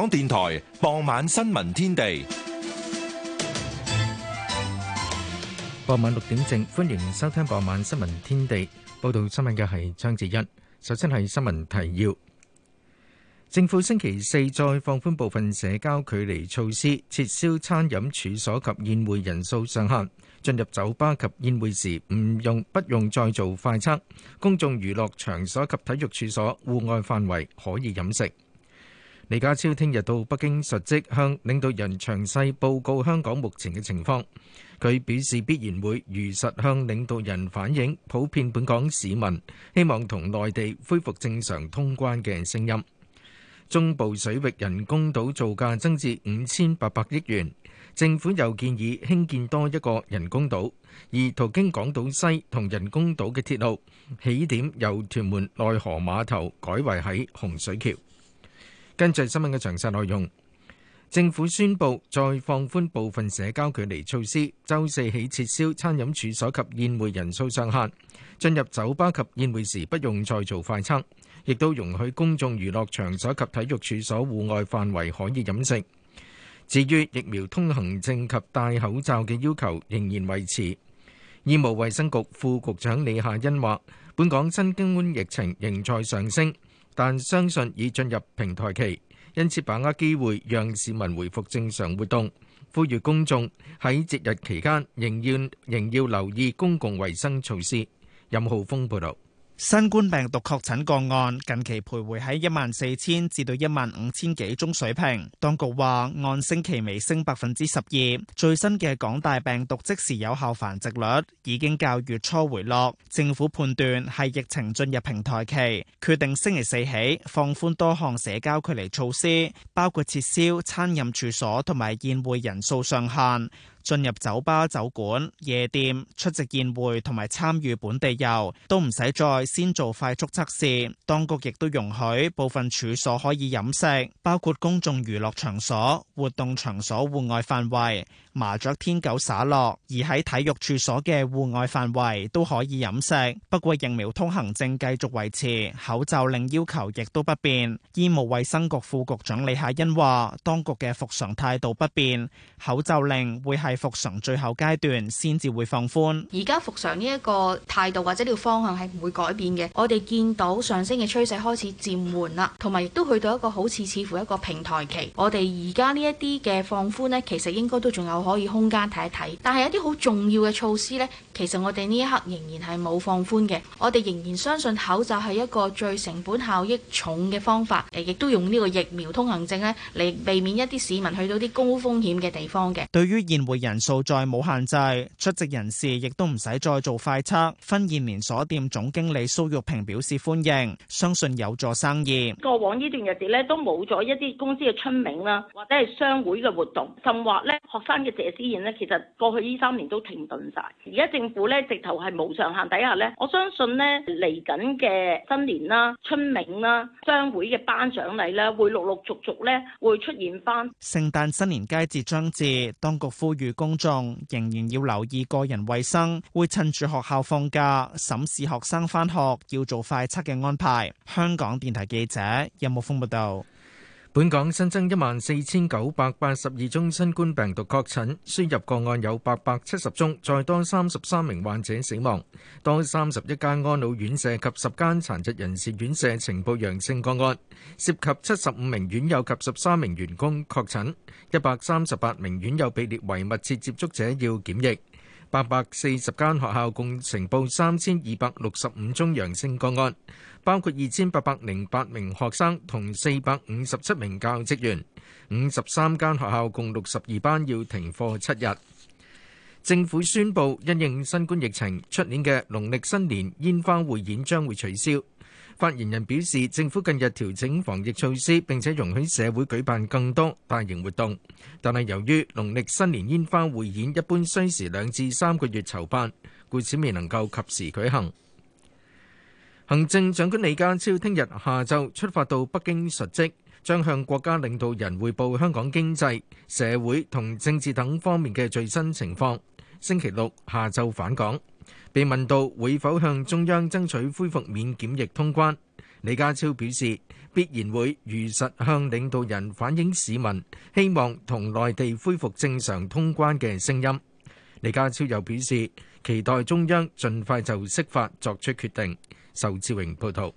港電台傍晚新聞天地，傍晚六點正，歡迎收聽傍晚新聞天地。報道新聞嘅係張志欣。首先係新聞提要：政府星期四再放寬部分社交距離措施，撤銷餐飲處所及宴會人數上限。進入酒吧及宴會時唔用不用再做快測。公眾娛樂場所及體育處所戶外範圍可以飲食。李家超聽日到北京述職，向領導人詳細報告香港目前嘅情況。佢表示必然會如實向領導人反映普遍本港市民希望同內地恢復正常通關嘅聲音。中部水域人工島造價增至五千八百億元，政府又建議興建多一個人工島，而途經港島西同人工島嘅鐵路起點由屯門內河碼頭改為喺洪水橋。跟住新聞嘅詳細內容，政府宣布再放寬部分社交距離措施，週四起撤銷餐飲處所及宴會人數上限，進入酒吧及宴會時不用再做快測，亦都容許公眾娛樂場所及體育處所戶外範圍可以飲食。至於疫苗通行證及戴口罩嘅要求，仍然維持。醫務衛生局副局長李夏茵話，本港新冠疫情仍在上升。但相信已進入平台期，因此把握機會讓市民回復正常活動，呼籲公眾喺節日期間仍然仍要留意公共衛生措施。任浩峰報道。新冠病毒確診個案近期徘徊喺一萬四千至到一萬五千幾宗水平，當局話按星期微升百分之十二。最新嘅港大病毒即時有效繁殖率已經較月初回落，政府判斷係疫情進入平台期，決定星期四起放寬多項社交距離措施，包括撤銷餐飲處所同埋宴會人數上限。進入酒吧、酒館、夜店、出席宴會同埋參與本地遊都唔使再先做快速測試。當局亦都容許部分處所可以飲食，包括公眾娛樂場所、活動場所戶外範圍、麻雀天九耍樂。而喺體育處所嘅戶外範圍都可以飲食。不過疫苗通行證繼續維持，口罩令要求亦都不變。醫務衛生局副局長李夏茵話：，當局嘅服常態度不變，口罩令會係。喺復常最後階段先至會放寬，而家復常呢一個態度或者呢個方向係唔會改變嘅。我哋見到上升嘅趨勢開始漸緩啦，同埋亦都去到一個好似似乎一個平台期。我哋而家呢一啲嘅放寬呢，其實應該都仲有可以空間睇一睇。但係一啲好重要嘅措施呢，其實我哋呢一刻仍然係冇放寬嘅。我哋仍然相信口罩係一個最成本效益重嘅方法，亦都用呢個疫苗通行證呢嚟避免一啲市民去到啲高風險嘅地方嘅。對於現回人數再冇限制，出席人士亦都唔使再做快測。婚宴連鎖店總經理蘇玉平表示歡迎，相信有助生意。過往呢段日子咧都冇咗一啲公司嘅春茗啦，或者係商會嘅活動，甚或咧學生嘅謝師宴咧，其實過去呢三年都停頓晒。而家政府咧直頭係無上限底下咧，我相信咧嚟緊嘅新年啦、春茗啦、商會嘅頒獎禮啦，會陸陸續續咧會出現翻。聖誕、新年佳節將至，當局呼籲。公眾仍然要留意個人衛生，會趁住學校放假審視學生返學要做快測嘅安排。香港電台記者任慕峰報道。本港新增一萬四千九百八十二宗新冠病毒確診，輸入個案有八百七十宗，再多三十三名患者死亡。多三十一間安老院舍及十間殘疾人士院舍呈報陽性個案，涉及七十五名院友及十三名員工確診，一百三十八名院友被列為密切接觸者要檢疫。八百四十間學校共呈報三千二百六十五宗陽性個案，包括二千八百零八名學生同四百五十七名教職員。五十三間學校共六十二班要停課七日。政府宣布因應新冠疫情，出年嘅農曆新年煙花匯演將會取消。發言人表示，政府近日調整防疫措施，並且容許社會舉辦更多大型活動。但係由於農曆新年煙花匯演一般需時兩至三個月籌辦，故此未能夠及時舉行。行政長官李家超聽日下晝出發到北京述職，將向國家領導人匯報香港經濟、社會同政治等方面嘅最新情況。星期六下晝返港。被問到會否向中央爭取恢復免檢疫通關，李家超表示必然會如實向領導人反映市民希望同內地恢復正常通關嘅聲音。李家超又表示期待中央盡快就釋法作出決定。仇志榮報導。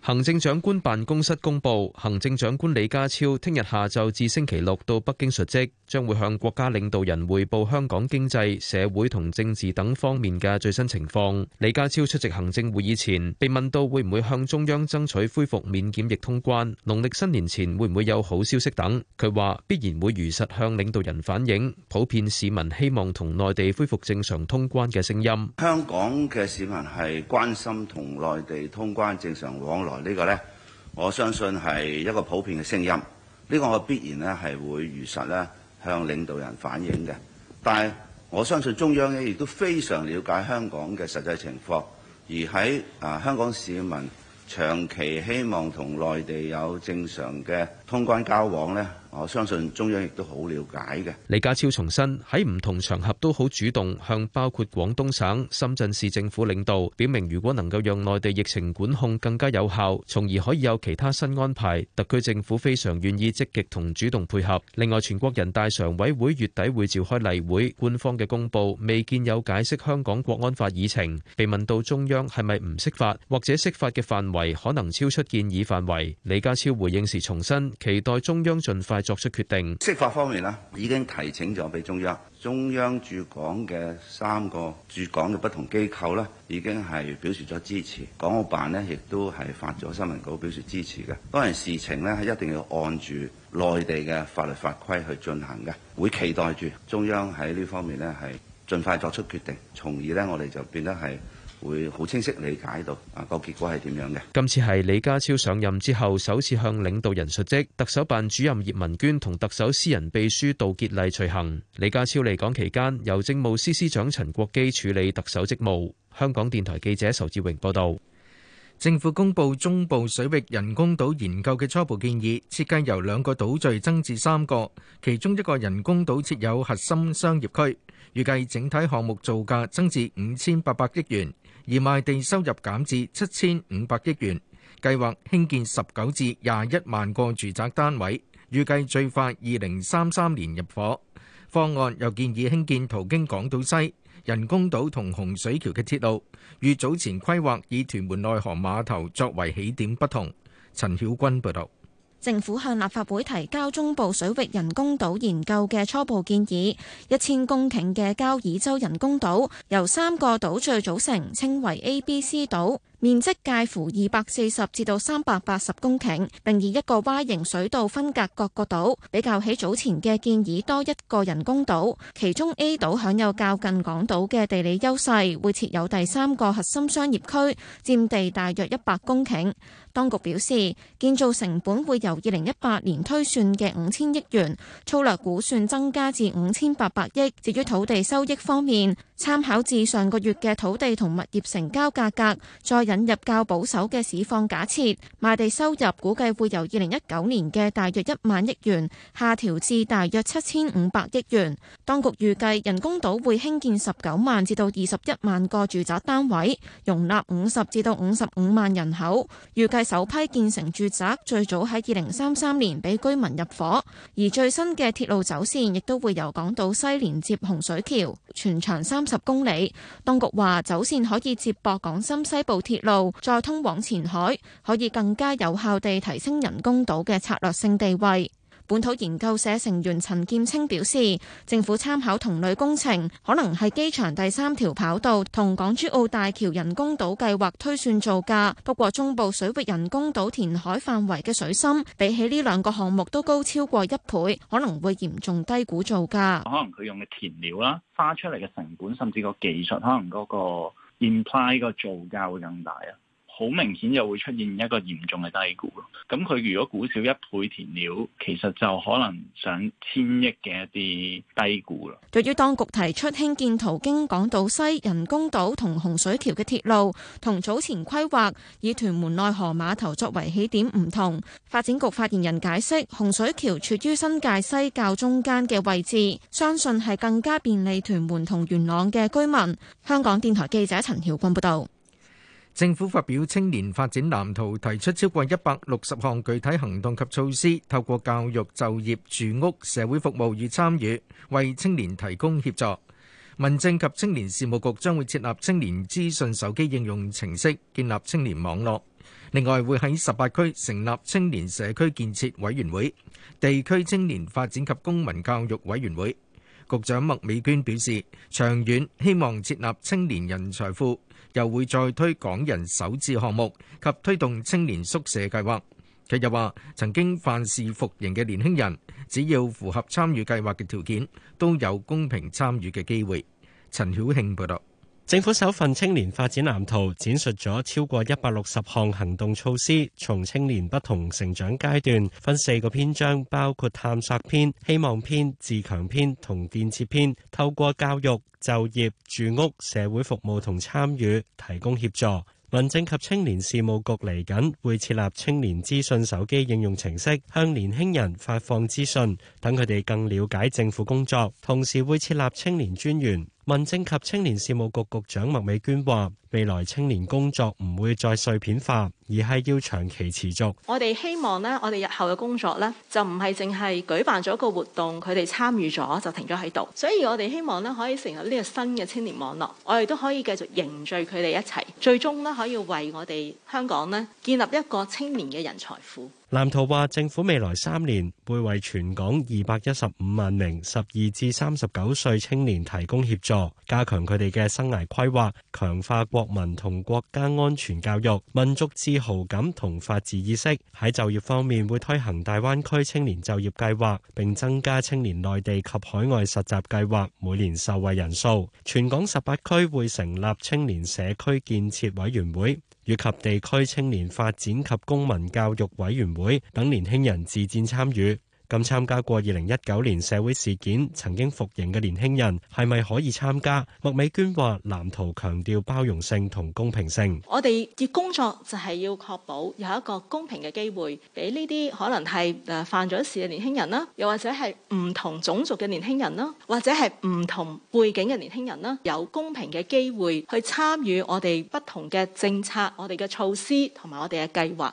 行政長官辦公室公布，行政長官李家超聽日下晝至星期六到北京述職，將會向國家領導人匯報香港經濟、社會同政治等方面嘅最新情況。李家超出席行政會議前，被問到會唔會向中央爭取恢復免檢疫通關，農曆新年前會唔會有好消息等，佢話必然會如實向領導人反映。普遍市民希望同內地恢復正常通關嘅聲音，香港嘅市民係關心同內地通關正常往。呢個呢，我相信係一個普遍嘅聲音。呢個我必然呢係會如實呢向領導人反映嘅。但係我相信中央呢，亦都非常了解香港嘅實際情況，而喺啊香港市民長期希望同內地有正常嘅。通關交往呢，我相信中央亦都好了解嘅。李家超重申喺唔同場合都好主動向包括廣東省、深圳市政府領導表明，如果能夠讓內地疫情管控更加有效，從而可以有其他新安排，特區政府非常願意積極同主動配合。另外，全國人大常委會月底會召開例會，官方嘅公佈未見有解釋香港國安法議程。被問到中央係咪唔釋法，或者釋法嘅範圍可能超出建議範圍，李家超回應時重申。期待中央盡快作出決定。釋法方面啦，已經提請咗俾中央。中央駐港嘅三個駐港嘅不同機構啦，已經係表示咗支持。港澳辦咧，亦都係發咗新聞稿表示支持嘅。當然事情咧係一定要按住內地嘅法律法規去進行嘅，會期待住中央喺呢方面咧係盡快作出決定，從而咧我哋就變得係。會好清晰理解到啊個結果係點樣嘅。今次係李家超上任之後首次向領導人述職，特首辦主任葉文娟同特首私人秘書杜傑麗隨行。李家超離港期間，由政務司司長陳國基處理特首職務。香港電台記者仇志榮報導。政府公布中部水域人工島研究嘅初步建議，設計由兩個島嶼增至三個，其中一個人工島設有核心商業區，預計整體項目造價增至五千八百億元。而賣地收入減至七千五百億元，計劃興建十九至廿一萬個住宅單位，預計最快二零三三年入伙。方案又建議興建途經港島西人工島同洪水橋嘅鐵路，與早前規劃以屯門內河碼頭作為起點不同。陳曉君報導。政府向立法會提交中部水域人工島研究嘅初步建議，一千公頃嘅交椅洲人工島由三個島嶼組成，稱為 A、B、C 島。面積介乎二百四十至到三百八十公頃，并以一個 Y 型水道分隔各個島，比較起早前嘅建議多一個人工島。其中 A 島享有較近港島嘅地理優勢，會設有第三個核心商業區，占地大約一百公頃。當局表示，建造成本會由二零一八年推算嘅五千億元粗略估算增加至五千八百億。至於土地收益方面，參考至上個月嘅土地同物業成交價格，再引入較保守嘅市況假設，賣地收入估計會由二零一九年嘅大約一萬億元，下調至大約七千五百億元。當局預計人工島會興建十九萬至到二十一萬個住宅單位，容納五十至到五十五萬人口。預計首批建成住宅最早喺二零三三年俾居民入伙，而最新嘅鐵路走線亦都會由港島西連接洪水橋，全長三十公里，當局話走線可以接駁港深西部鐵路，再通往前海，可以更加有效地提升人工島嘅策略性地位。本土研究社成員陳劍青表示，政府參考同類工程，可能係機場第三條跑道同港珠澳大橋人工島計劃推算造價。不過，中部水域人工島填海範圍嘅水深，比起呢兩個項目都高超過一倍，可能會嚴重低估造價。可能佢用嘅填料啦，花出嚟嘅成本，甚至個技術，可能嗰個 imply 好明顯就會出現一個嚴重嘅低估咯，咁佢如果估少一倍填料，其實就可能上千億嘅一啲低估咯。對於當局提出興建途經港島西人工島同洪水橋嘅鐵路，同早前規劃以屯門內河碼頭作為起點唔同，發展局發言人解釋，洪水橋處於新界西較中間嘅位置，相信係更加便利屯門同元朗嘅居民。香港電台記者陳曉君報導。政府發表青年發展藍圖，提出超過一百六十項具體行動及措施，透過教育、就業、住屋、社會服務與參與，為青年提供協助。民政及青年事務局將會設立青年資訊手機應用程式，建立青年網絡。另外，會喺十八區成立青年社區建設委員會、地區青年發展及公民教育委員會。局長麥美娟表示，長遠希望設立青年人才庫。又會再推港人首置項目及推動青年宿舍計劃。佢又話：曾經犯事服刑嘅年輕人，只要符合參與計劃嘅條件，都有公平參與嘅機會。陳曉慶報道。政府首份青年發展藍圖展述咗超過一百六十項行動措施，從青年不同成長階段分四個篇章，包括探索篇、希望篇、自強篇同建設篇。透過教育、就業、住屋、社會服務同參與，提供協助。民政及青年事務局嚟緊會設立青年資訊手機應用程式，向年輕人發放資訊，等佢哋更了解政府工作。同時會設立青年專員。民政及青年事務局局長麥美娟話：未來青年工作唔會再碎片化，而係要長期持續。我哋希望呢，我哋日後嘅工作呢，就唔係淨係舉辦咗一個活動，佢哋參與咗就停咗喺度。所以我哋希望呢，可以成立呢個新嘅青年網絡，我哋都可以繼續凝聚佢哋一齊，最終呢，可以為我哋香港呢，建立一個青年嘅人才庫。藍圖話，政府未來三年會為全港二百一十五萬名十二至三十九歲青年提供協助，加強佢哋嘅生涯規劃，強化國民同國家安全教育、民族自豪感同法治意識。喺就業方面，會推行大灣區青年就業計劃，並增加青年內地及海外實習計劃，每年受惠人數。全港十八區會成立青年社區建設委員會。以及地區青年發展及公民教育委員會等年輕人自薦參與。咁參加過二零一九年社會事件、曾經服刑嘅年輕人係咪可以參加？麥美娟話藍圖強調包容性同公平性。我哋嘅工作就係要確保有一個公平嘅機會俾呢啲可能係誒犯咗事嘅年輕人啦，又或者係唔同種族嘅年輕人啦，或者係唔同背景嘅年輕人啦，有公平嘅機會去參與我哋不同嘅政策、我哋嘅措施同埋我哋嘅計劃。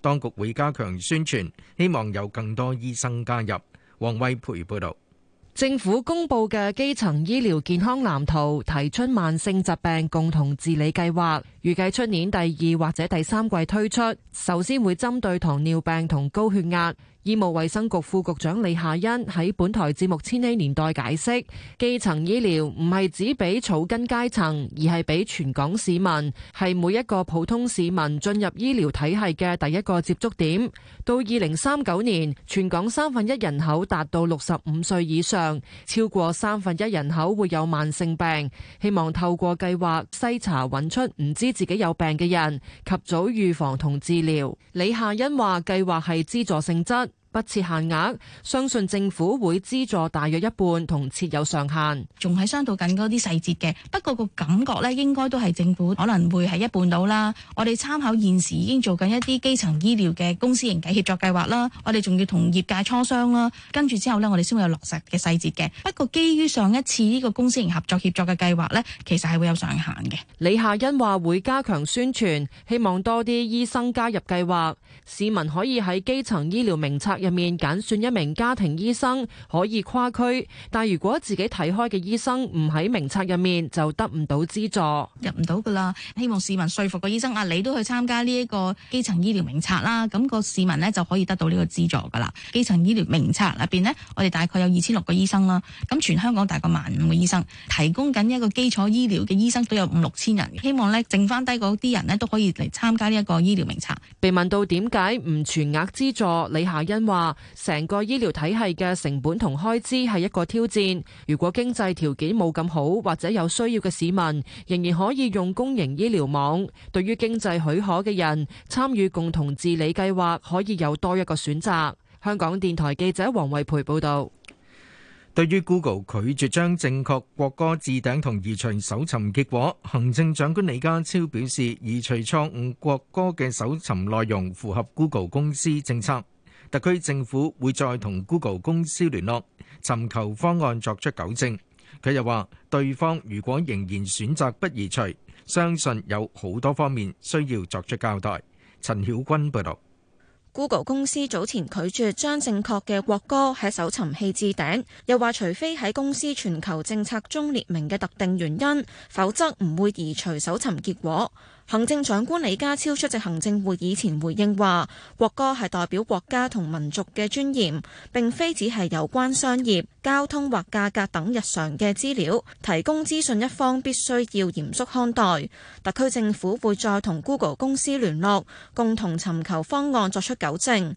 當局會加強宣傳，希望有更多醫生加入。王威培報導。政府公布嘅基層醫療健康藍圖提出慢性疾病共同治理計劃，預計出年第二或者第三季推出。首先會針對糖尿病同高血壓。醫務衛生局副局長李夏恩喺本台節目《千禧年代》解釋，基層醫療唔係只俾草根階層，而係俾全港市民，係每一個普通市民進入醫療體系嘅第一個接觸點。到二零三九年，全港三分一人口達到六十五歲以上，超過三分一人口會有慢性病。希望透過計劃篩查，揾出唔知自己有病嘅人，及早預防同治療。李夏恩話：計劃係資助性質。不設限額，相信政府會資助大約一半，同設有上限。仲係商討緊嗰啲細節嘅，不過個感覺咧應該都係政府可能會係一半到啦。我哋參考現時已經做緊一啲基層醫療嘅公司型嘅協作計劃啦，我哋仲要同業界磋商啦。跟住之後咧，我哋先會有落實嘅細節嘅。不過基於上一次呢個公司型合作協作嘅計劃咧，其實係會有上限嘅。李夏茵話會加強宣傳，希望多啲醫生加入計劃，市民可以喺基層醫療名冊。入面揀選一名家庭醫生可以跨區，但如果自己睇開嘅醫生唔喺名冊入面，就得唔到資助，入唔到噶啦。希望市民說服個醫生啊，你都去參加呢一個基層醫療名冊啦。咁個市民呢，就可以得到呢個資助噶啦。基層醫療名冊入邊呢，我哋大概有二千六個醫生啦。咁全香港大概萬五個醫生提供緊一個基礎醫療嘅醫生都有五六千人。希望呢，剩翻低嗰啲人呢，都可以嚟參加呢一個醫療名冊。被問到點解唔全額資助，李夏欣，話成個醫療體系嘅成本同開支係一個挑戰。如果經濟條件冇咁好，或者有需要嘅市民仍然可以用公營醫療網。對於經濟許可嘅人參與共同治理計劃，可以有多一個選擇。香港電台記者黃慧培報道。對於 Google 拒絕將正確國歌置頂同移除搜尋結果，行政長官李家超表示，移除錯誤國歌嘅搜尋內容符合 Google 公司政策。特區政府會再同 Google 公司聯絡，尋求方案作出糾正。佢又話：對方如果仍然選擇不移除，相信有好多方面需要作出交代。陳曉君報導。Google 公司早前拒絕將正確嘅國歌喺搜尋器置頂，又話除非喺公司全球政策中列明嘅特定原因，否則唔會移除搜尋結果。行政長官李家超出席行政會議前回應話，國歌係代表國家同民族嘅尊嚴，並非只係有關商業、交通或價格等日常嘅資料。提供資訊一方必須要嚴肅看待。特區政府會再同 Google 公司聯絡，共同尋求方案作出糾正。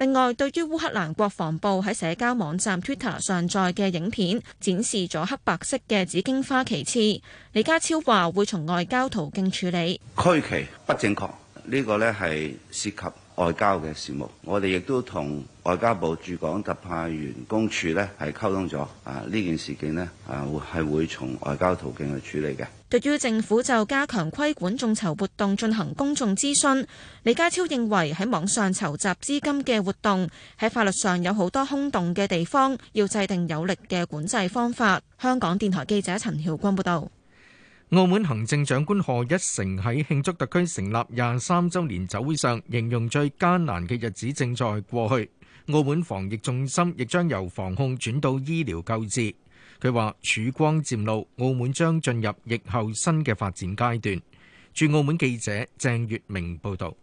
另外，對於烏克蘭國防部喺社交網站 Twitter 上載嘅影片，展示咗黑白色嘅紫荊花旗幟，李家超話會從外交途徑處理。區旗不正確，呢、呢個呢係涉及外交嘅事務，我哋亦都同外交部駐港特派員公署呢係溝通咗，啊呢件事件呢啊係會從外交途徑去處理嘅。對於政府就加強規管眾籌活動進行公眾諮詢，李家超認為喺網上籌集資金嘅活動喺法律上有好多空洞嘅地方，要制定有力嘅管制方法。香港電台記者陳曉君報道，澳門行政長官賀一誠喺慶祝特區成立廿三週年酒會上，形容最艱難嘅日子正在過去。澳門防疫重心亦將由防控轉到醫療救治。佢話：曙光漸露，澳門將進入疫後新嘅發展階段。駐澳門記者鄭月明報導。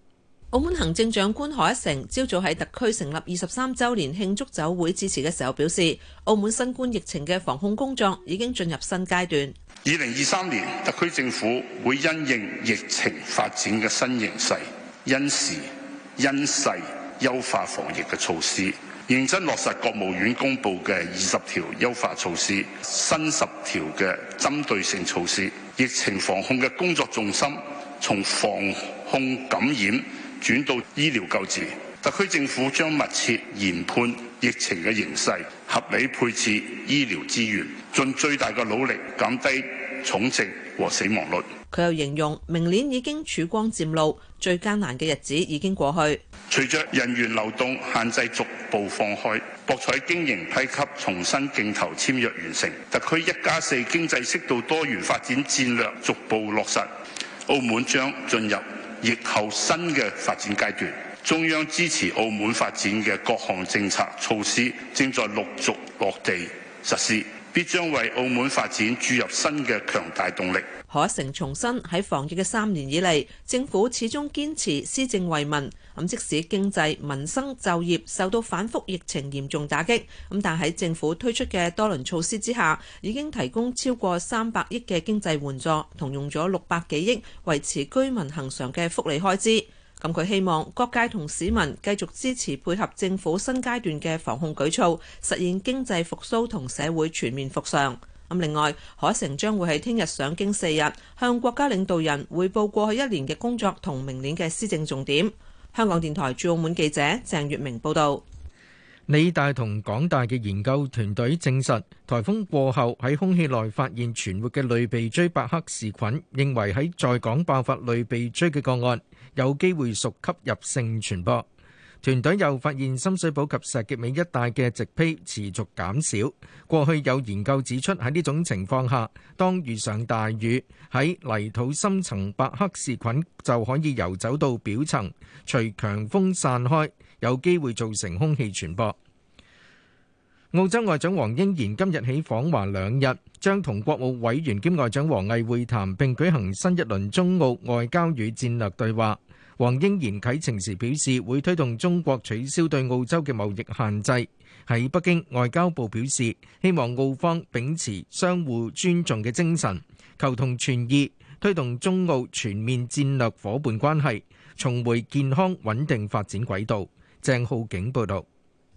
澳門行政長官賀一誠朝早喺特區成立二十三週年慶祝酒會致辭嘅時候表示，澳門新冠疫情嘅防控工作已經進入新階段。二零二三年，特區政府會因應疫情發展嘅新形勢，因時因勢優化防疫嘅措施。認真落實國務院公布嘅二十條優化措施、新十條嘅針對性措施，疫情防控嘅工作重心從防控感染轉到醫療救治。特區政府將密切研判疫情嘅形勢，合理配置醫療資源，盡最大嘅努力減低重症和死亡率。佢又形容明年已經曙光漸露，最艱難嘅日子已經過去。隨着人員流動限制逐步放開，博彩經營批給重新競投簽約完成，特區一加四經濟適度多元發展戰略逐步落實，澳門將進入疫後新嘅發展階段。中央支持澳門發展嘅各項政策措施正在陸續落地實施，必將為澳門發展注入新嘅強大動力。可成重申喺防疫嘅三年以嚟，政府始終堅持施政為民。咁即使經濟、民生、就業受到反復疫情嚴重打擊，咁但喺政府推出嘅多輪措施之下，已經提供超過三百億嘅經濟援助，同用咗六百幾億維持居民恒常嘅福利開支。咁佢希望各界同市民繼續支持配合政府新階段嘅防控舉措，實現經濟復蘇同社會全面復常。咁另外，海城將會喺聽日上京四日，向國家領導人匯報過去一年嘅工作同明年嘅施政重點。香港電台駐澳門記者鄭月明報道。理大同港大嘅研究團隊證實，台風過後喺空氣內發現存活嘅類鼻疽伯克氏菌，認為喺在，在港爆發類鼻疽嘅個案。有機會屬吸入性傳播。團隊又發現深水埗及石硤尾一帶嘅植被持續減少。過去有研究指出，喺呢種情況下，當遇上大雨，喺泥土深層伯克氏菌就可以游走到表層，隨強風散開，有機會造成空氣傳播。澳洲外長黃英賢今日起訪華兩日，將同國務委員兼外長王毅會談並舉行新一輪中澳外交與戰略對話。黃英賢啟程時表示，會推動中國取消對澳洲嘅貿易限制。喺北京，外交部表示，希望澳方秉持相互尊重嘅精神，求同存異，推動中澳全面戰略夥伴關係重回健康穩定發展軌道。鄭浩景報道。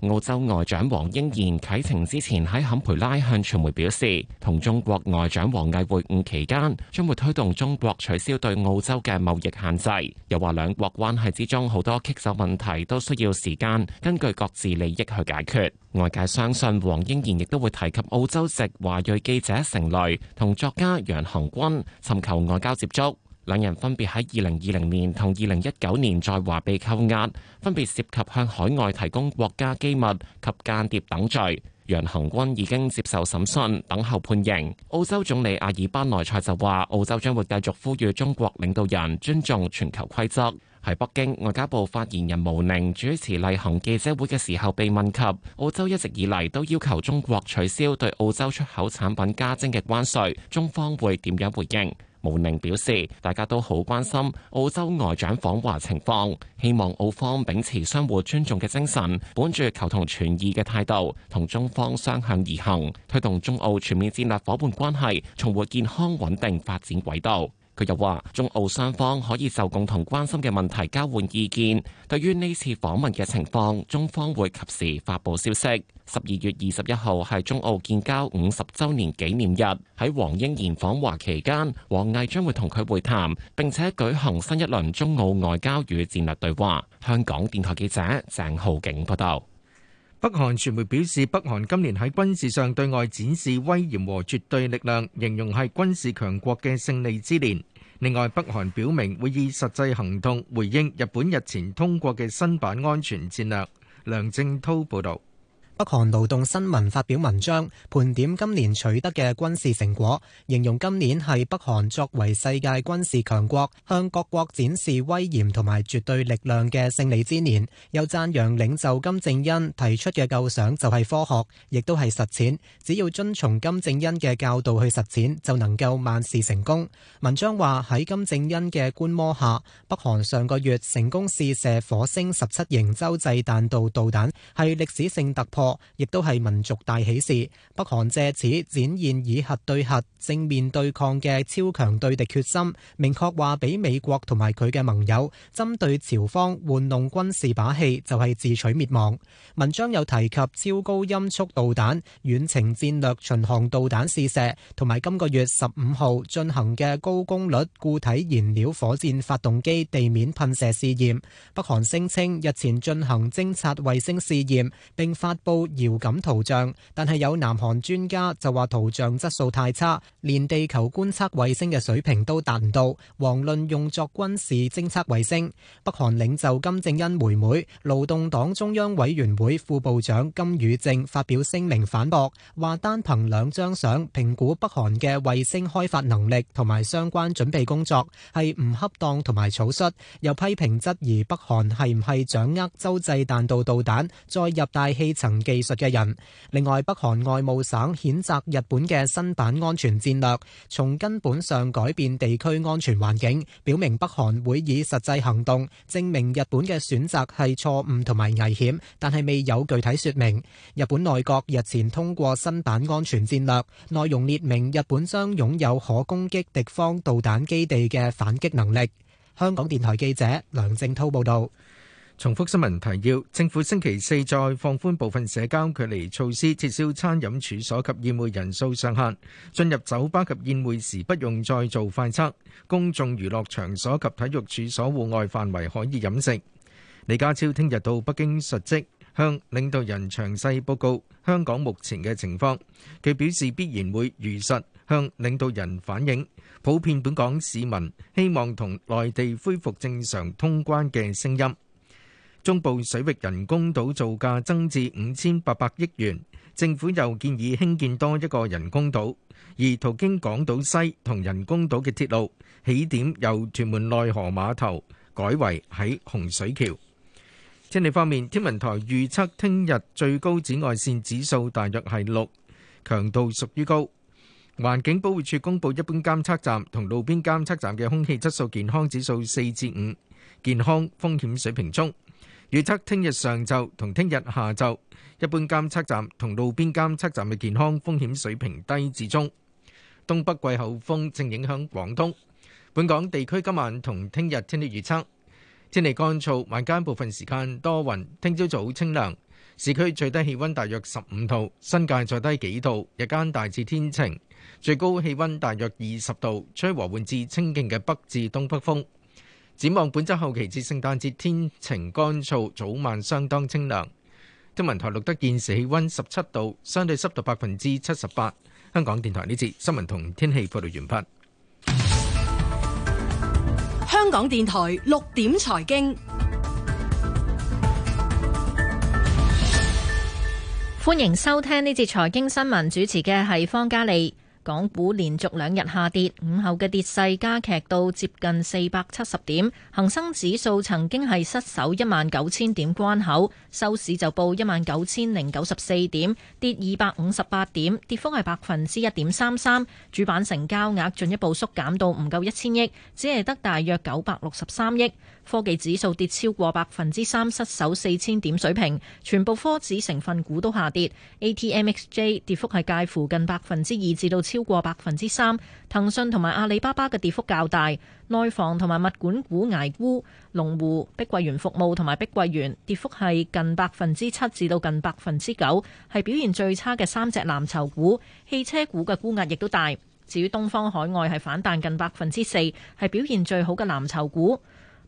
澳洲外長王英賢啟程之前喺坎培拉向傳媒表示，同中國外長王毅會晤期間，將會推動中國取消對澳洲嘅貿易限制。又話兩國關係之中好多棘手問題都需要時間，根據各自利益去解決。外界相信王英賢亦都會提及澳洲籍華裔記者成蕾同作家楊恆均，尋求外交接觸。兩人分別喺二零二零年同二零一九年在華被扣押，分別涉及向海外提供國家機密及間諜等罪。楊恆軍已經接受審訊，等候判刑。澳洲總理阿爾班萊賽就話，澳洲將會繼續呼籲中國領導人尊重全球規則。喺北京，外交部發言人毛寧主持例行記者會嘅時候，被問及澳洲一直以嚟都要求中國取消對澳洲出口產品加徵嘅關稅，中方會點樣回應？毛寧表示，大家都好關心澳洲外長訪華情況，希望澳方秉持相互尊重嘅精神，本住求同存異嘅態度，同中方相向而行，推動中澳全面戰略伙伴關係重回健康穩定發展軌道。佢又話：中澳雙方可以就共同關心嘅問題交換意見。對於呢次訪問嘅情況，中方會及時發布消息。十二月二十一號係中澳建交五十週年紀念日。喺黃英賢訪華期間，王毅將會同佢會談，並且舉行新一輪中澳外交與戰略對話。香港電台記者鄭浩景報道。北韓傳媒表示，北韓今年喺軍事上對外展示威嚴和絕對力量，形容係軍事強國嘅勝利之年。另外，北韓表明會以實際行動回應日本日前通過嘅新版安全戰略。梁正濤報道。北韓勞動新聞發表文章，盤點今年取得嘅軍事成果，形容今年係北韓作為世界軍事強國，向各國展示威嚴同埋絕對力量嘅勝利之年。又讚揚領袖金正恩提出嘅構想就係科學，亦都係實踐。只要遵從金正恩嘅教導去實踐，就能夠萬事成功。文章話，喺金正恩嘅觀摩下，北韓上個月成功試射火星十七型洲際彈道導彈，係歷史性突破。亦都係民族大喜事。北韓借此展現以核對核正面對抗嘅超強對敵決心，明確話俾美國同埋佢嘅盟友，針對朝方玩弄軍事把戲就係、是、自取滅亡。文章又提及超高音速導彈、遠程戰略巡航導彈試射，同埋今個月十五號進行嘅高功率固體燃料火箭發動機地面噴射試驗。北韓聲稱日前進行偵察衛星試驗，並發布，遙感圖像，但係有南韓專家就話圖像質素太差，連地球觀測衛星嘅水平都達唔到，遑論用作軍事偵測衛星。北韓領袖金正恩妹妹、勞動黨中央委員會副部長金宇正發表聲明反駁，話單憑兩張相評估北韓嘅衛星開發能力同埋相關準備工作係唔恰當同埋草率，又批評質疑北韓係唔係掌握洲際彈道導彈再入大氣層。技術嘅人，另外北韓外務省譴責日本嘅新版安全戰略，從根本上改變地區安全環境，表明北韓會以實際行動證明日本嘅選擇係錯誤同埋危險，但係未有具體說明。日本內閣日前通過新版安全戰略，內容列明日本將擁有可攻擊敵方導彈基地嘅反擊能力。香港電台記者梁正滔報導。重複新聞提要：政府星期四再放寬部分社交距離措施，撤銷餐飲處所及宴會人數上限。進入酒吧及宴會時不用再做快測。公眾娛樂場所及體育處所戶外範圍可以飲食。李家超聽日到北京述職，向領導人詳細報告香港目前嘅情況。佢表示必然會如實向領導人反映普遍本港市民希望同內地恢復正常通關嘅聲音。中部水域人工島造價增至五千八百億元，政府又建議興建多一個人工島，而途經港島西同人工島嘅鐵路起點由屯門內河碼頭改為喺洪水橋。天氣方面，天文台預測聽日最高紫外線指數大約係六，強度屬於高。環境保護署公布，一般監測站同路邊監測站嘅空氣質素健康指數四至五，健康風險水平中。預測聽日上晝同聽日下晝，一般監測站同路邊監測站嘅健康風險水平低至中。東北季候風正影響廣東，本港地區今晚同聽日天氣預測：天氣乾燥，晚間部分時間多雲，聽朝早清涼，市區最低氣温大約十五度，新界再低幾度，日間大致天晴，最高氣温大約二十度，吹和緩至清勁嘅北至東北風。展望本周後期至聖誕節，天晴乾燥，早晚相當清涼。天文台錄得現時氣溫十七度，相對濕度百分之七十八。香港電台呢節新聞同天氣報道完畢。香港電台六點財經，歡迎收聽呢節財經新聞，主持嘅係方嘉利。港股連續兩日下跌，午後嘅跌勢加劇到接近四百七十點，恒生指數曾經係失守一萬九千點關口，收市就報一萬九千零九十四點，跌二百五十八點，跌幅係百分之一點三三。主板成交額進一步縮減到唔夠一千億，只係得大約九百六十三億。科技指數跌超過百分之三，失守四千點水平，全部科指成分股都下跌。ATMXJ 跌幅係介乎近百分之二至到。超過百分之三，騰訊同埋阿里巴巴嘅跌幅較大。內房同埋物管股捱沽，龍湖、碧桂園服務同埋碧桂園跌幅係近百分之七至到近百分之九，係表現最差嘅三隻藍籌股。汽車股嘅沽壓亦都大。至於東方海外係反彈近百分之四，係表現最好嘅藍籌股。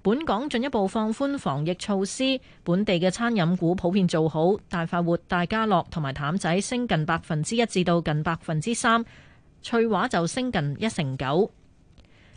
本港進一步放寬防疫措施，本地嘅餐飲股普遍做好，大快活、大家樂同埋譚仔升近百分之一至到近百分之三。翠華就升近一成九。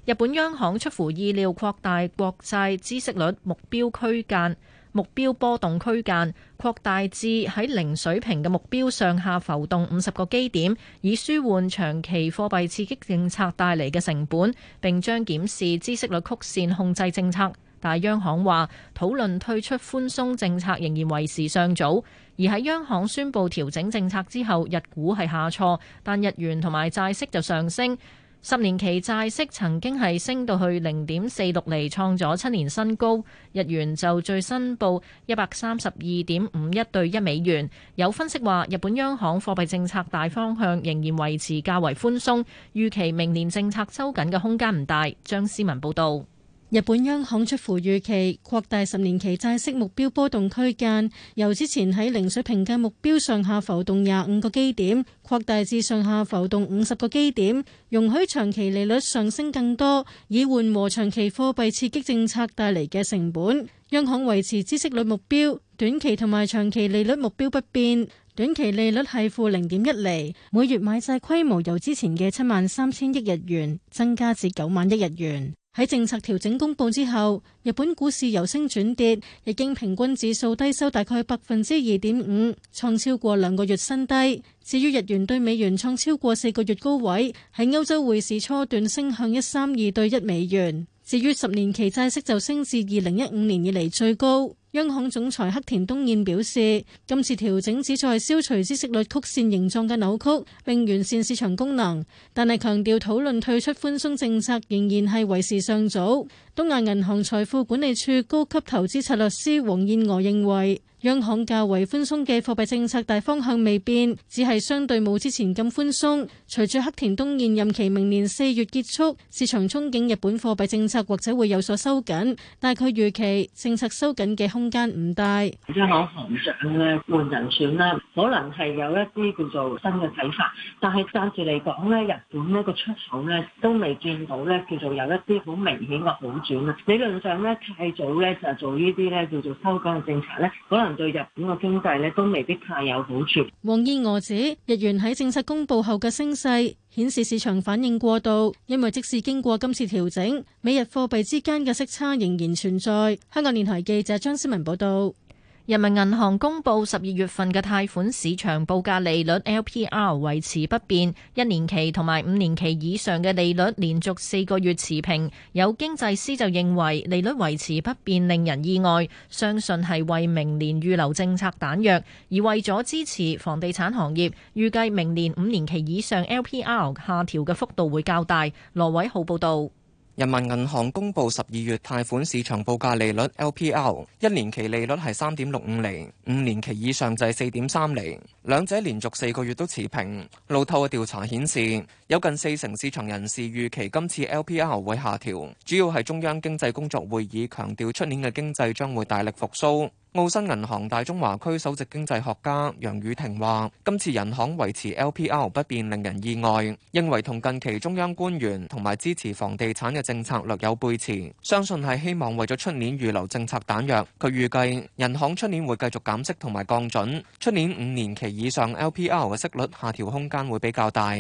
日本央行出乎意料擴大國債孳息率目標區間，目標波動區間擴大至喺零水平嘅目標上下浮動五十個基點，以舒緩長期貨幣刺激政策帶嚟嘅成本。並將檢視孳息率曲線控制政策。大央行話討論退出寬鬆政策仍然為時尚早。而喺央行宣布調整政策之後，日股係下挫，但日元同埋債息就上升。十年期債息曾經係升到去零點四六厘，創咗七年新高。日元就最新報一百三十二點五一對一美元。有分析話，日本央行貨幣政策大方向仍然維持較為寬鬆，預期明年政策收緊嘅空間唔大。張思文報道。日本央行出乎預期擴大十年期債息目標波動區間，由之前喺零水平嘅目標上下浮動廿五個基點，擴大至上下浮動五十個基點，容許長期利率上升更多，以緩和長期貨幣刺激政策帶嚟嘅成本。央行維持孳息率目標，短期同埋長期利率目標不變，短期利率係負零點一厘，每月買債規模由之前嘅七萬三千億日元增加至九萬億日元。喺政策調整公布之後，日本股市由升轉跌，日經平均指數低收大概百分之二點五，創超過兩個月新低。至於日元兌美元創超過四個月高位，喺歐洲匯市初段升向一三二兌一美元。至於十年期債息就升至二零一五年以嚟最高。央行總裁黑田東彥表示，今次調整旨在消除息率曲線形狀嘅扭曲，並完善市場功能，但係強調討論退出寬鬆政策仍然係為時尚早。東亞銀行財富管理處高級投資策略師黃燕娥認為。央行較為寬鬆嘅貨幣政策大方向未變，只係相對冇之前咁寬鬆。隨住黑田東彥任期明年四月結束，市場憧憬日本貨幣政策或者會有所收緊，但係佢預期政策收緊嘅空間唔大。央行行長換人選啦，可能係有一啲叫做新嘅睇法，但係暫時嚟講咧，日本咧個出口咧都未見到咧叫做有一啲好明顯嘅好轉啊。理論上咧太早咧就做呢啲咧叫做收緊嘅政策咧，可能。對日本嘅經濟咧，都未必太有好處。黃燕娥指日元喺政策公布後嘅升勢，顯示市場反應過度，因為即使經過今次調整，美日貨幣之間嘅息差仍然存在。香港電台記者張思文報道。人民銀行公布十二月份嘅貸款市場報價利率 LPR 維持不變，一年期同埋五年期以上嘅利率連續四個月持平。有經濟師就認為利率維持不變令人意外，相信係為明年預留政策彈藥，而為咗支持房地產行業，預計明年五年期以上 LPR 下調嘅幅度會較大。羅偉浩報道。人民銀行公布十二月貸款市場報價利率 （LPR），一年期利率係三點六五厘，五年期以上就係四點三厘。兩者連續四個月都持平。路透嘅調查顯示，有近四成市場人士預期今次 LPR 會下調，主要係中央經濟工作會議強調出年嘅經濟將會大力復甦。澳新銀行大中華區首席經濟學家楊宇霆話：今次人行維持 LPR 不變令人意外，認為同近期中央官員同埋支持房地產嘅政策略有背馳，相信係希望為咗出年預留政策彈藥。佢預計人行出年會繼續減息同埋降準，出年五年期以上 LPR 嘅息率下調空間會比較大。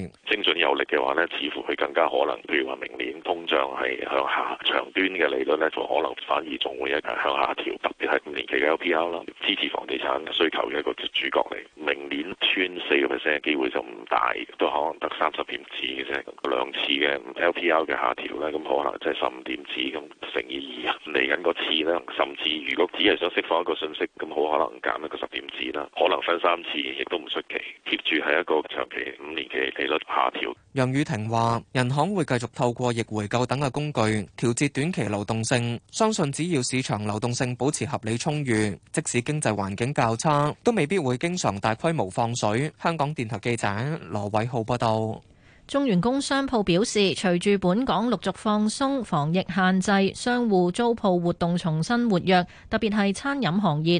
有力嘅話咧，似乎佢更加可能，譬如話明年通脹係向下長端嘅利率咧，就可能反而仲會一向下調，特別係五年期嘅 LPR 咯，支持房地產需求嘅一個主角嚟。明年穿四個 percent 嘅機會就唔大，都可能得三十點子嘅啫，兩次嘅 LPR 嘅下調咧，咁可能即係十五點子咁。成二日嚟緊個次啦，甚至如果只係想釋放一個信息，咁好可能減一個十點子啦，可能分三次，亦都唔出奇。貼住係一個長期五年期利率下調。楊宇霆話：人行會繼續透過逆回購等嘅工具調節短期流動性，相信只要市場流動性保持合理充裕，即使經濟環境較差，都未必會經常大規模放水。香港電台記者羅偉浩報道。中原工商鋪表示，隨住本港陸續放鬆防疫限制，商戶租鋪活動重新活躍，特別係餐飲行業。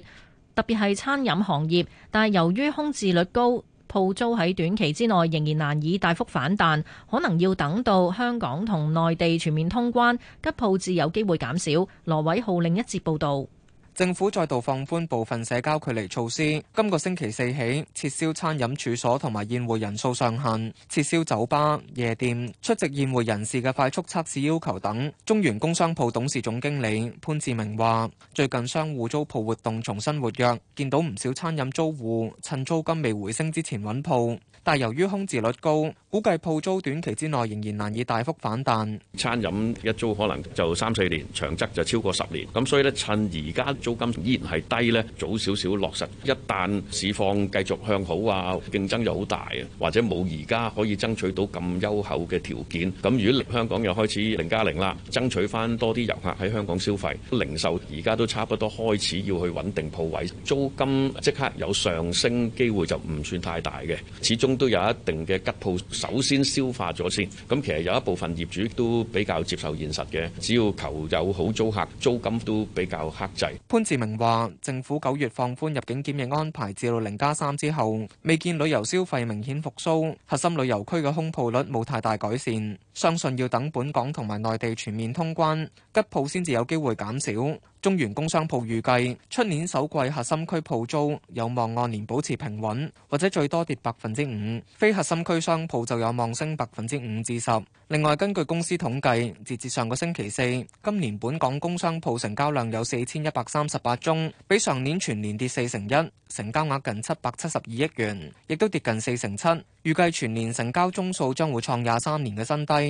特別係餐飲行業，但係由於空置率高，鋪租喺短期之內仍然難以大幅反彈，可能要等到香港同內地全面通關，吉鋪至有機會減少。羅偉浩另一節報道。政府再度放寬部分社交距離措施，今個星期四起撤銷餐飲處所同埋宴會人數上限，撤銷酒吧、夜店、出席宴會人士嘅快速測試要求等。中原工商鋪董事總經理潘志明話，最近商戶租鋪活動重新活躍，見到唔少餐飲租戶趁租金未回升之前揾鋪，但由於空置率高，估計鋪租短期之內仍然難以大幅反彈。餐飲一租可能就三四年，長則就超過十年，咁所以呢，趁而家，租金依然係低呢，早少少落實。一旦市況繼續向好啊，競爭又好大啊，或者冇而家可以爭取到咁優厚嘅條件。咁如果香港又開始零加零啦，爭取返多啲遊客喺香港消費，零售而家都差唔多開始要去穩定鋪位，租金即刻有上升機會就唔算太大嘅。始終都有一定嘅吉鋪，首先消化咗先。咁其實有一部分業主都比較接受現實嘅，只要求有好租客，租金都比較克制。潘志明話：政府九月放寬入境檢疫安排至到零加三之後，未見旅遊消費明顯復蘇，核心旅遊區嘅空鋪率冇太大改善。相信要等本港同埋內地全面通關，吉鋪先至有機會減少。中原工商鋪預計出年首季核心區鋪租有望按年保持平穩，或者最多跌百分之五。非核心區商鋪就有望升百分之五至十。另外，根據公司統計，截至上個星期四，今年本港工商鋪成交量有四千一百三十八宗，比上年全年跌四成一，成交額近七百七十二億元，亦都跌近四成七。預計全年成交宗數將會創廿三年嘅新低。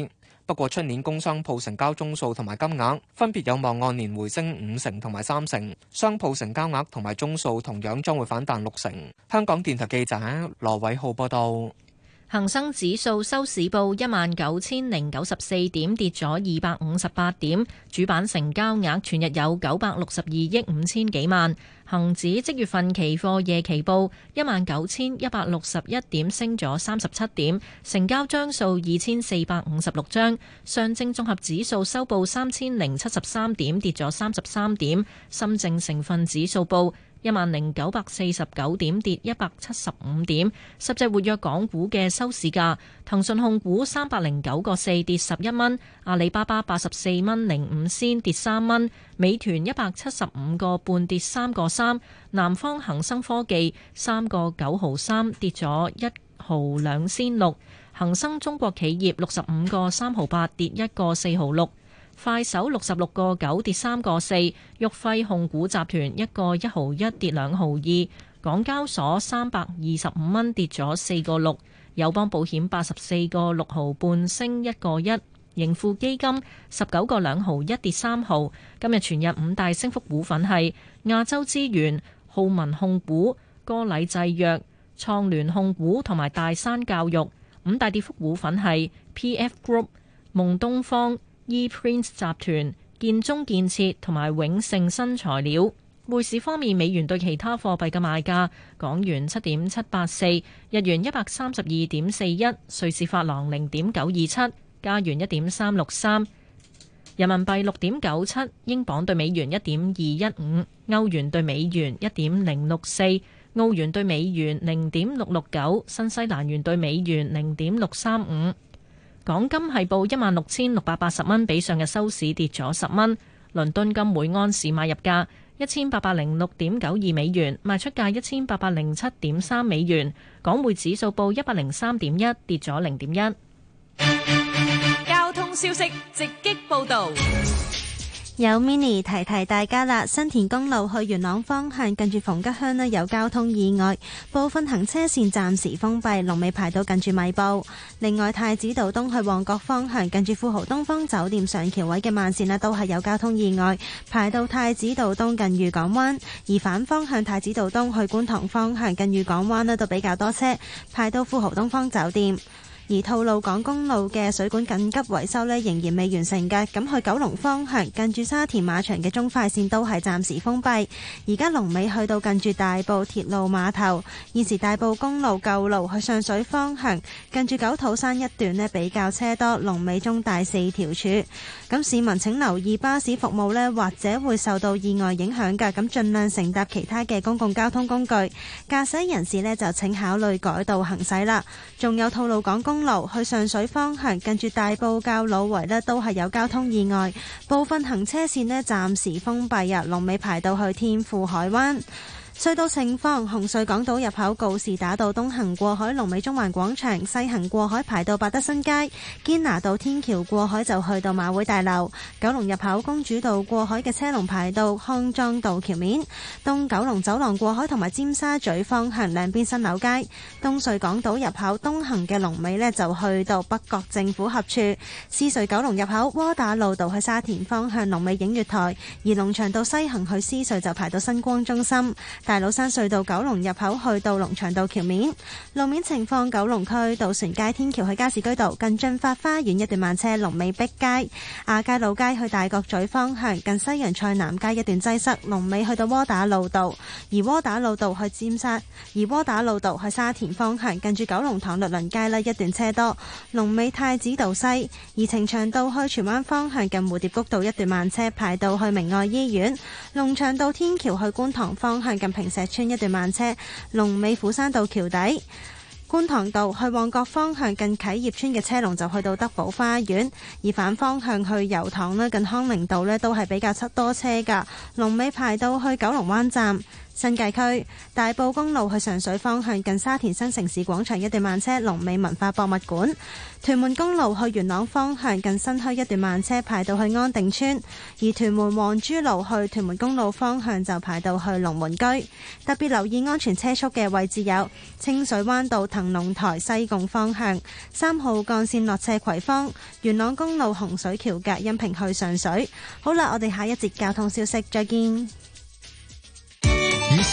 不過，出年工商鋪成交宗數同埋金額分別有望按年回升五成同埋三成，商鋪成交額同埋宗數同樣將會反彈六成。香港電台記者羅偉浩報道。恒生指數收市報一萬九千零九十四點，跌咗二百五十八點。主板成交額全日有九百六十二億五千幾萬。恒指即月份期貨夜期報一萬九千一百六十一點，升咗三十七點，成交張數二千四百五十六張。上證綜合指數收報三千零七十三點，跌咗三十三點。深證成分指數報。一萬零九百四十九點跌一百七十五點，十隻活躍港股嘅收市價：騰訊控股三百零九個四跌十一蚊，阿里巴巴八十四蚊零五仙跌三蚊，美團一百七十五個半跌三個三，南方恒生科技三個九毫三跌咗一毫兩仙六，恒生中國企業六十五個三毫八跌一個四毫六。快手六十六個九跌三個四，玉輝控股集團一個一毫一跌兩毫二，港交所三百二十五蚊跌咗四個六，友邦保險八十四個六毫半升一個一，盈富基金十九個兩毫一跌三毫。今日全日五大升幅股份係亞洲資源、浩文控股、歌禮製藥、創聯控股同埋大山教育。五大跌幅股份係 PF Group、夢東方、ePrint 集團、建中建設同埋永盛新材料。匯市方面，美元對其他貨幣嘅賣價：港元七點七八四，日元一百三十二點四一，瑞士法郎零點九二七，加元一點三六三，人民幣六點九七，英鎊對美元一點二一五，歐元對美元一點零六四，澳元對美元零點六六九，新西蘭元對美元零點六三五。港金係報一萬六千六百八十蚊，比上日收市跌咗十蚊。倫敦金每安士買入價一千八百零六點九二美元，賣出價一千八百零七點三美元。港匯指數報一百零三點一，跌咗零點一。交通消息直擊報道。有 mini 提提大家啦，新田公路去元朗方向近住逢吉鄉咧有交通意外，部分行車線暫時封閉，龍尾排到近住米埔。另外太子道東去旺角方向近住富豪東方酒店上橋位嘅慢線咧都係有交通意外，排到太子道東近御港灣。而反方向太子道東去觀塘方向近御港灣咧都比較多車，排到富豪東方酒店。而吐露港公路嘅水管緊急維修呢，仍然未完成嘅。咁去九龍方向，近住沙田馬場嘅中快線都係暫時封閉，而家龍尾去到近住大埔鐵路碼頭，現時大埔公路舊路去上水方向，近住九肚山一段呢，比較車多，龍尾中大四條柱。咁市民請留意巴士服務呢，或者會受到意外影響㗎，咁儘量乘搭其他嘅公共交通工具。駕駛人士呢，就請考慮改道行駛啦。仲有吐露港公路去上水方向，近住大埔滘老圍呢，都係有交通意外，部分行車線呢，暫時封閉呀。龍尾排到去天富海灣。隧道情況，紅隧港島入口告士打道東行過海，龍尾中環廣場；西行過海排到百德新街。堅拿道天橋過海就去到馬會大樓。九龍入口公主道過海嘅車龍排到康莊道橋面。東九龍走廊過海同埋尖沙咀方向兩邊新樓街。東隧港島入口東行嘅龍尾呢，就去到北角政府合處。獅隧九龍入口窩打老道去沙田方向龍尾影月台，而龍翔道西行去獅隧就排到新光中心。大老山隧道九龍入口去到龍翔道橋面路面情況，九龍區渡船街天橋去加士居道近駿發花園一段慢車，龍尾碧街亞皆老街去大角咀方向近西洋菜南街一段擠塞，龍尾去到窩打老道，而窩打老道去尖沙，而窩打老道去沙田方向近住九龍塘律倫街啦一段車多，龍尾太子道西，而呈祥道去荃灣方向近蝴蝶谷,谷道一段慢車排到去明愛醫院，龍翔道天橋去觀塘方向近。平石村一段慢車，龍尾斧山道橋底，觀塘道去旺角方向近啟業村嘅車龍就去到德寶花園，而反方向去油塘咧，近康寧道呢，都係比較多車噶，龍尾排到去九龍灣站。新界區大埔公路去上水方向近沙田新城市廣場一段慢車，龍尾文化博物館；屯門公路去元朗方向近新墟一段慢車排到去安定村，而屯門黃珠路去屯門公路方向就排到去龍門居。特別留意安全車速嘅位置有清水灣道騰龍台西貢方向、三號幹線落車葵芳、元朗公路洪水橋隔音屏去上水。好啦，我哋下一節交通消息，再見。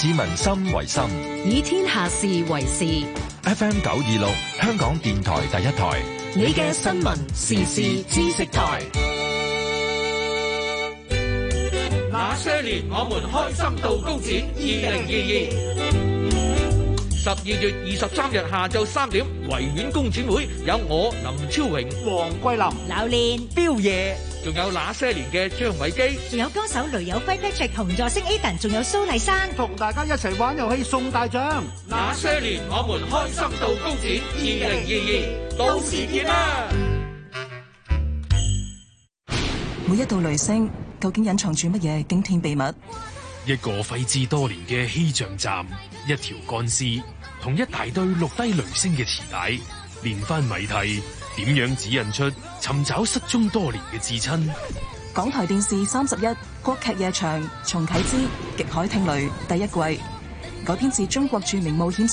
以民心為心，以天下事為事。FM 九二六，香港電台第一台，你嘅新聞時事知識台。那些年，我們開心到高點。二零二二。十二月二十三日下晝三點，維園工展會有我林超榮、黃桂林、劉念、彪爺，仲有那些年嘅張偉基，仲有歌手雷有輝、Patrick、紅座星 Eden，仲有蘇麗珊，同大家一齊玩遊戲送大獎。那些年我們開心到公展，二零二二到時見啦！每一道雷聲究竟隱藏住乜嘢驚天秘密？一個廢置多年嘅氣象站。一條乾屍同一大堆錄低雷聲嘅磁帶，連番謎題，點樣指引出尋找失蹤多年嘅至親？港台電視三十一國劇夜場重啟之極海聽雷第一季，改編自中國著名冒險。